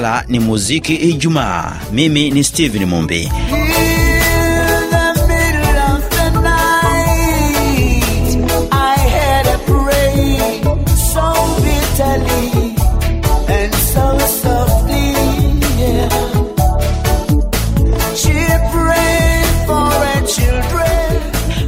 makala ni muziki Ijumaa. Mimi ni Steven Mumbi.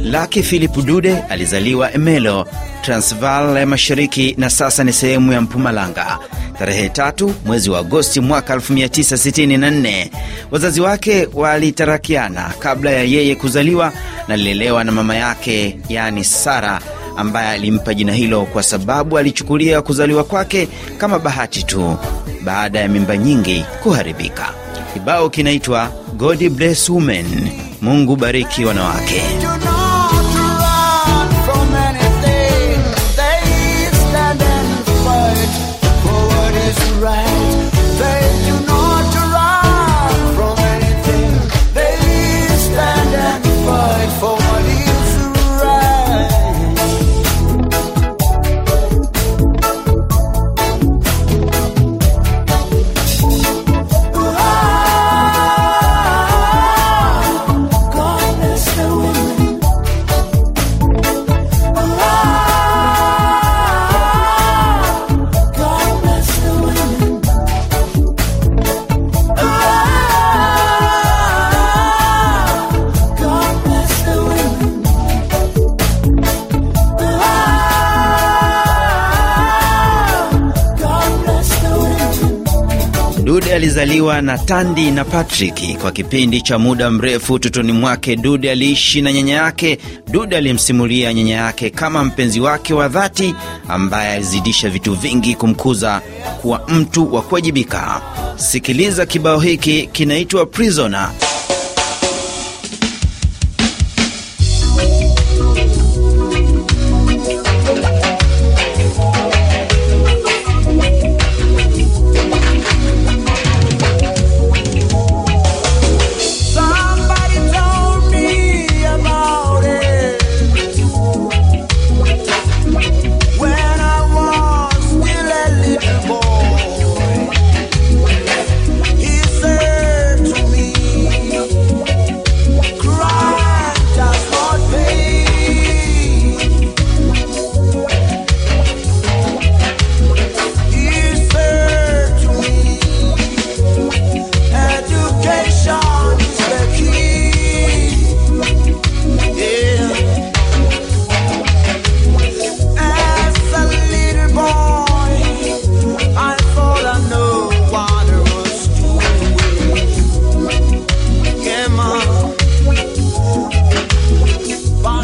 Lucky Philip Dude alizaliwa Emelo, Transvaal ya Mashariki na sasa ni sehemu ya Mpumalanga tarehe tatu mwezi wa Agosti mwaka 1964. Wazazi wake walitarakiana kabla ya yeye kuzaliwa, na lilelewa na mama yake, yaani Sara ambaye alimpa jina hilo kwa sababu alichukulia kuzaliwa kwake kama bahati tu, baada ya mimba nyingi kuharibika. Kibao kinaitwa God Bless Women, Mungu bariki wanawake. alizaliwa na Tandi na Patrick. Kwa kipindi cha muda mrefu utotoni mwake, Dude aliishi na nyanya yake. Dude alimsimulia nyanya yake kama mpenzi wake wa dhati, ambaye alizidisha vitu vingi kumkuza kuwa mtu wa kuwajibika. Sikiliza kibao hiki kinaitwa Prisoner.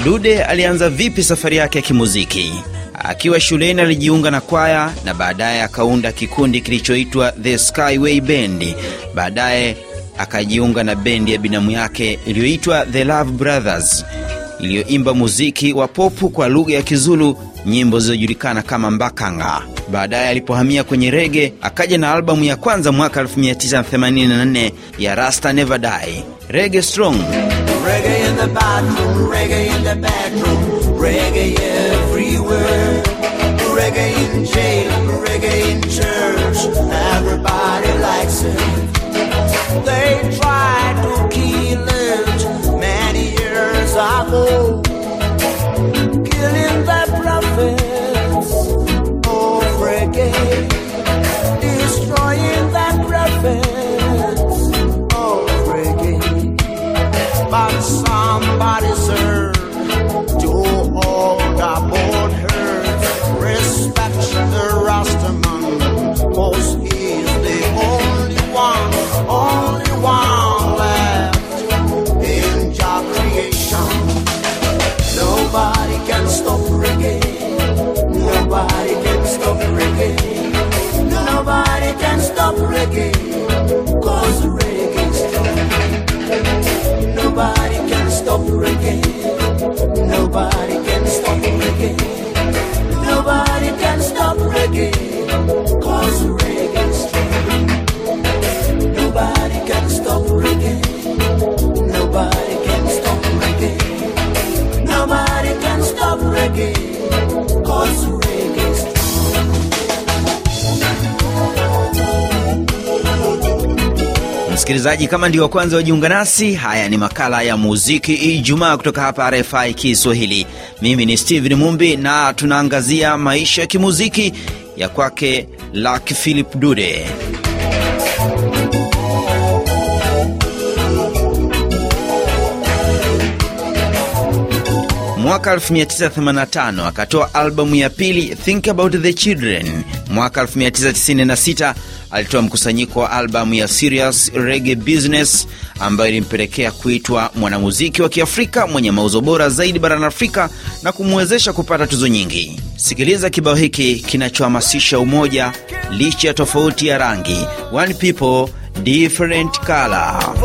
dude alianza vipi safari yake ya kimuziki? Akiwa shuleni alijiunga na kwaya na baadaye akaunda kikundi kilichoitwa The Skyway Band. Baadaye akajiunga na bendi ya binamu yake iliyoitwa The Love Brothers iliyoimba muziki wa popu kwa lugha ya Kizulu, nyimbo zilizojulikana kama Mbakanga. Baadaye alipohamia kwenye rege, akaja na albamu ya kwanza mwaka 1984 ya Rasta Never Die, Rege Strong. Reggae in the bathroom, reggae in the bedroom, reggae everywhere. Reggae in jail, reggae in church, everybody likes it. They try to stop reggae. Nobody can stop reggae. Nobody can stop reggae. Cause reggae is true. Nobody can stop reggae. Nobody can stop reggae. Nobody can stop reggae. Msikilizaji, kama ndio wa kwanza wajiunga nasi, haya ni makala ya muziki Ijumaa kutoka hapa RFI Kiswahili. Mimi ni stehen Mumbi na tunaangazia maisha ya kimuziki ya kwake lak Philip dude Mwaka 1985 akatoa albamu ya pili Think About the Children. Mwaka 1996 alitoa mkusanyiko wa albamu ya Serious Reggae Business ambayo ilimpelekea kuitwa mwanamuziki wa Kiafrika mwenye mauzo bora zaidi barani Afrika na kumwezesha kupata tuzo nyingi. Sikiliza kibao hiki kinachohamasisha umoja licha ya tofauti ya rangi. One people different color.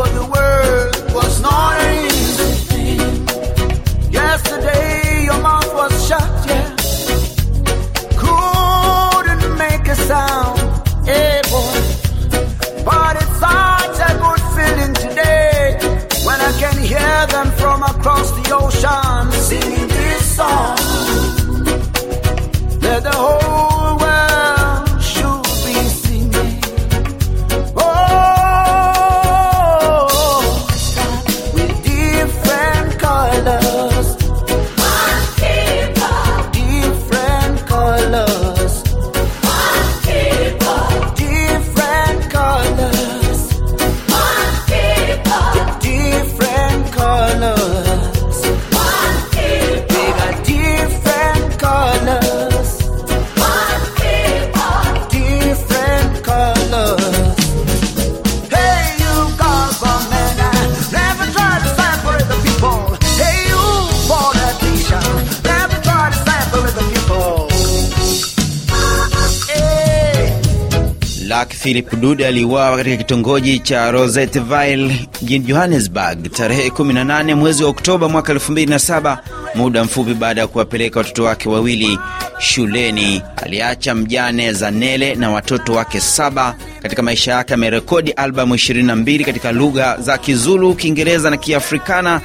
Philip Dude aliuawa katika kitongoji cha Rosetteville mjini Johannesburg tarehe 18 mwezi wa Oktoba mwaka 2007, muda mfupi baada ya kuwapeleka watoto wake wawili shuleni. Aliacha mjane Zanele na watoto wake saba. Katika maisha yake amerekodi albamu 22 katika lugha za Kizulu, Kiingereza na Kiafrikana.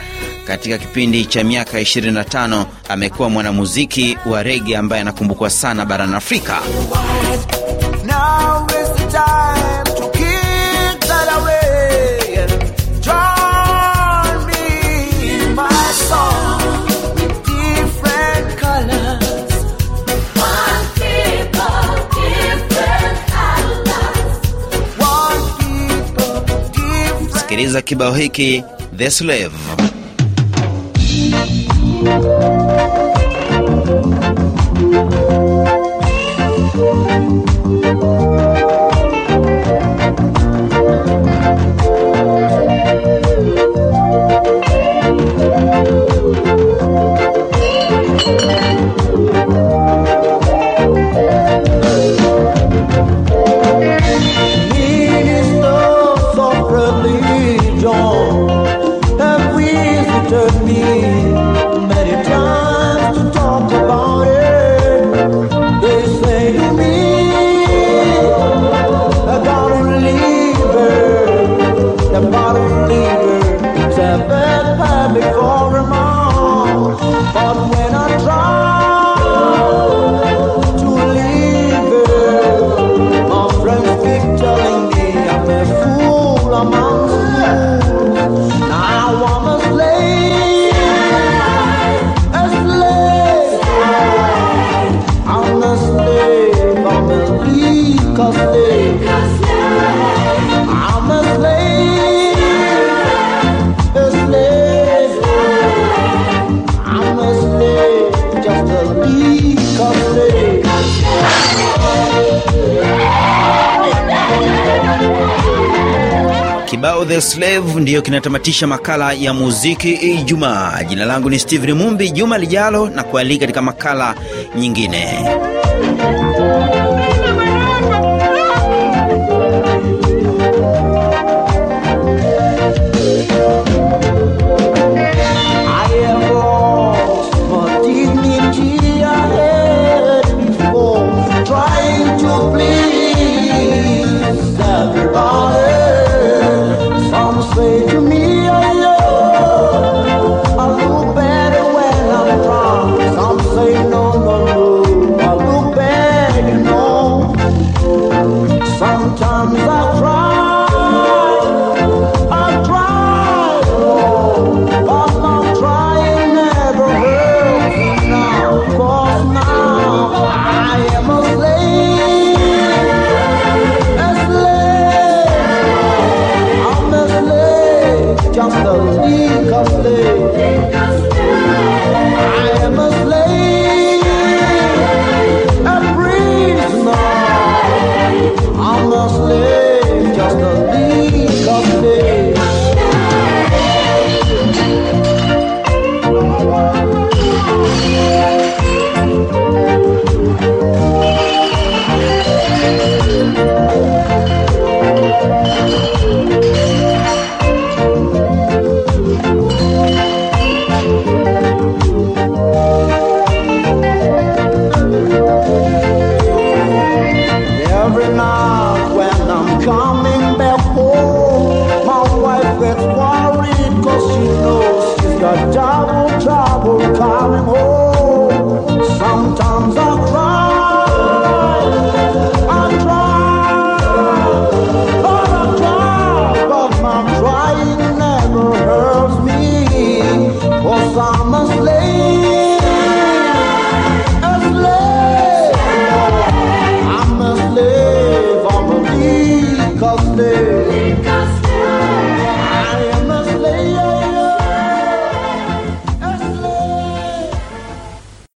Katika kipindi cha miaka 25 amekuwa mwanamuziki wa rege ambaye anakumbukwa sana barani Afrika. sikiliza kibao hiki The Slave. Slave ndiyo kinatamatisha makala ya muziki Ijumaa. Jina langu ni Steven Mumbi. Juma lijalo na kualika katika makala nyingine.